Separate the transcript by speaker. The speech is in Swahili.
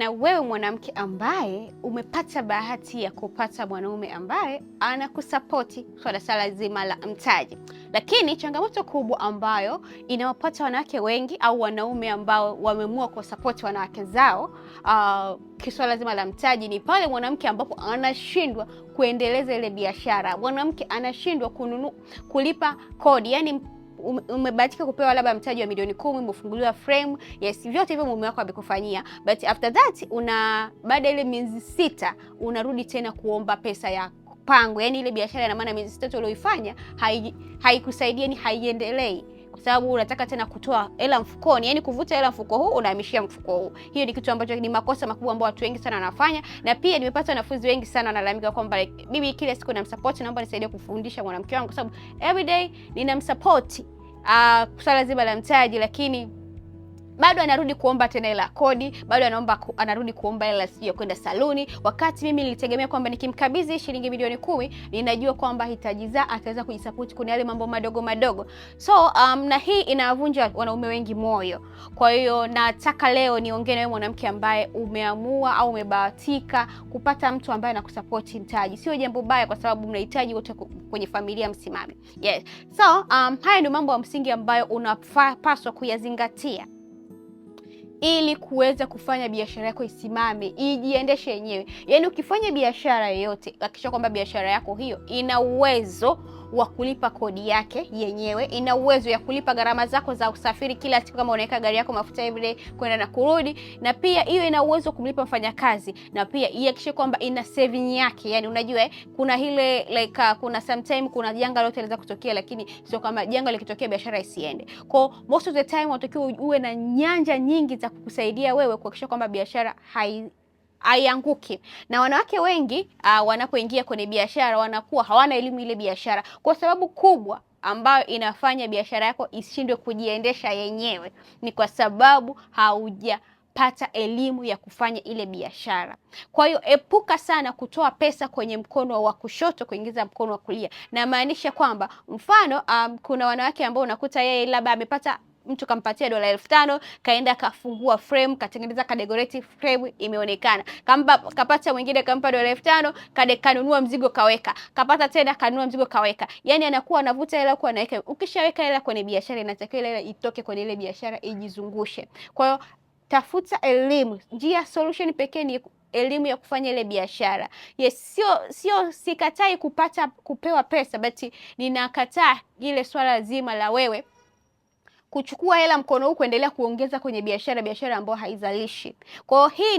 Speaker 1: na wewe mwanamke ambaye umepata bahati ya kupata mwanaume ambaye anakusapoti swala sala zima la mtaji. Lakini changamoto kubwa ambayo inawapata wanawake wengi au wanaume ambao wameamua kuwasapoti wanawake zao uh, kiswala zima la mtaji ni pale mwanamke ambapo anashindwa kuendeleza ile biashara, mwanamke anashindwa kununua, kulipa kodi, yani umebahatika kupewa labda mtaji wa milioni kumi, umefunguliwa frame, yes, vyote hivyo mume wako amekufanyia, but after that una baada ile miezi sita unarudi tena kuomba pesa ya pango, yani ile biashara, ina maana miezi sita ulioifanya haikusaidia, hai ni haiendelei kwa sababu unataka tena kutoa hela mfukoni, yani kuvuta hela mfuko huu unahamishia mfuko huu. Hiyo ni kitu ambacho ni makosa makubwa ambayo watu wengi sana wanafanya, na pia nimepata wanafunzi wengi sana wanalalamika kwamba mimi kila siku namsupport, naomba nisaidie kufundisha mwanamke wangu, kwa sababu everyday ninamsupport uh, swala zima la mtaji, lakini bado anarudi kuomba tena hela kodi, bado anaomba ku, anarudi kuomba hela sijui ya kwenda saluni, wakati mimi nilitegemea kwamba nikimkabidhi shilingi milioni kumi ninajua kwamba hitajizaa ataweza kujisapoti kuna yale mambo madogo madogo. So um, na hii inawavunja wanaume wengi moyo. Kwa hiyo nataka leo niongee na wewe mwanamke ambaye umeamua au umebahatika kupata mtu ambaye anakusapoti mtaji. Sio jambo baya, kwa sababu mnahitaji wote kwenye familia msimame. Yes. So um, haya ndio mambo ya msingi ambayo unapaswa kuyazingatia ili kuweza kufanya biashara yako isimame, ijiendeshe yenyewe. Yaani ukifanya biashara yoyote, hakikisha kwamba biashara yako hiyo ina uwezo wa kulipa kodi yake yenyewe, ina uwezo ya kulipa gharama zako za usafiri kila siku, kama unaweka gari yako mafuta every kwenda na kurudi, na pia hiyo ina uwezo wa kumlipa mfanyakazi, na pia ihakikishe kwamba ina saving yake. Yani unajua kuna ile like, uh, kuna sometime kuna janga lolote linaweza kutokea, lakini sio kama janga likitokea biashara isiende. Kwa most of the time unatakiwa uwe na nyanja nyingi za kukusaidia wewe kuhakikisha kwamba biashara hai haianguki na wanawake wengi uh, wanapoingia kwenye biashara wanakuwa hawana elimu ile biashara, kwa sababu kubwa ambayo inafanya biashara yako ishindwe kujiendesha yenyewe ni kwa sababu haujapata elimu ya kufanya ile biashara. Kwa hiyo epuka sana kutoa pesa kwenye mkono wa kushoto kuingiza mkono wa kulia, namaanisha kwamba mfano um, kuna wanawake ambao unakuta yeye labda amepata mtu kampatia dola elfu tano kaenda kafungua frame katengeneza ka decorative frame imeonekana, kamba kapata mwingine kampa dola elfu tano kade kanunua mzigo kaweka, kapata tena kanunua mzigo kaweka. Yani anakuwa anavuta hela huko anaweka. Ukishaweka hela kwenye biashara, inatakiwa hela itoke kwenye ile biashara ijizungushe. Kwa hiyo tafuta elimu. Njia solution pekee ni elimu ya kufanya ile biashara. Yes, sio sio, sikatai kupata kupewa pesa, but ninakataa ile swala zima la wewe kuchukua hela mkono huu kuendelea kuongeza kwenye biashara, biashara ambayo haizalishi. Kwa hiyo hii ni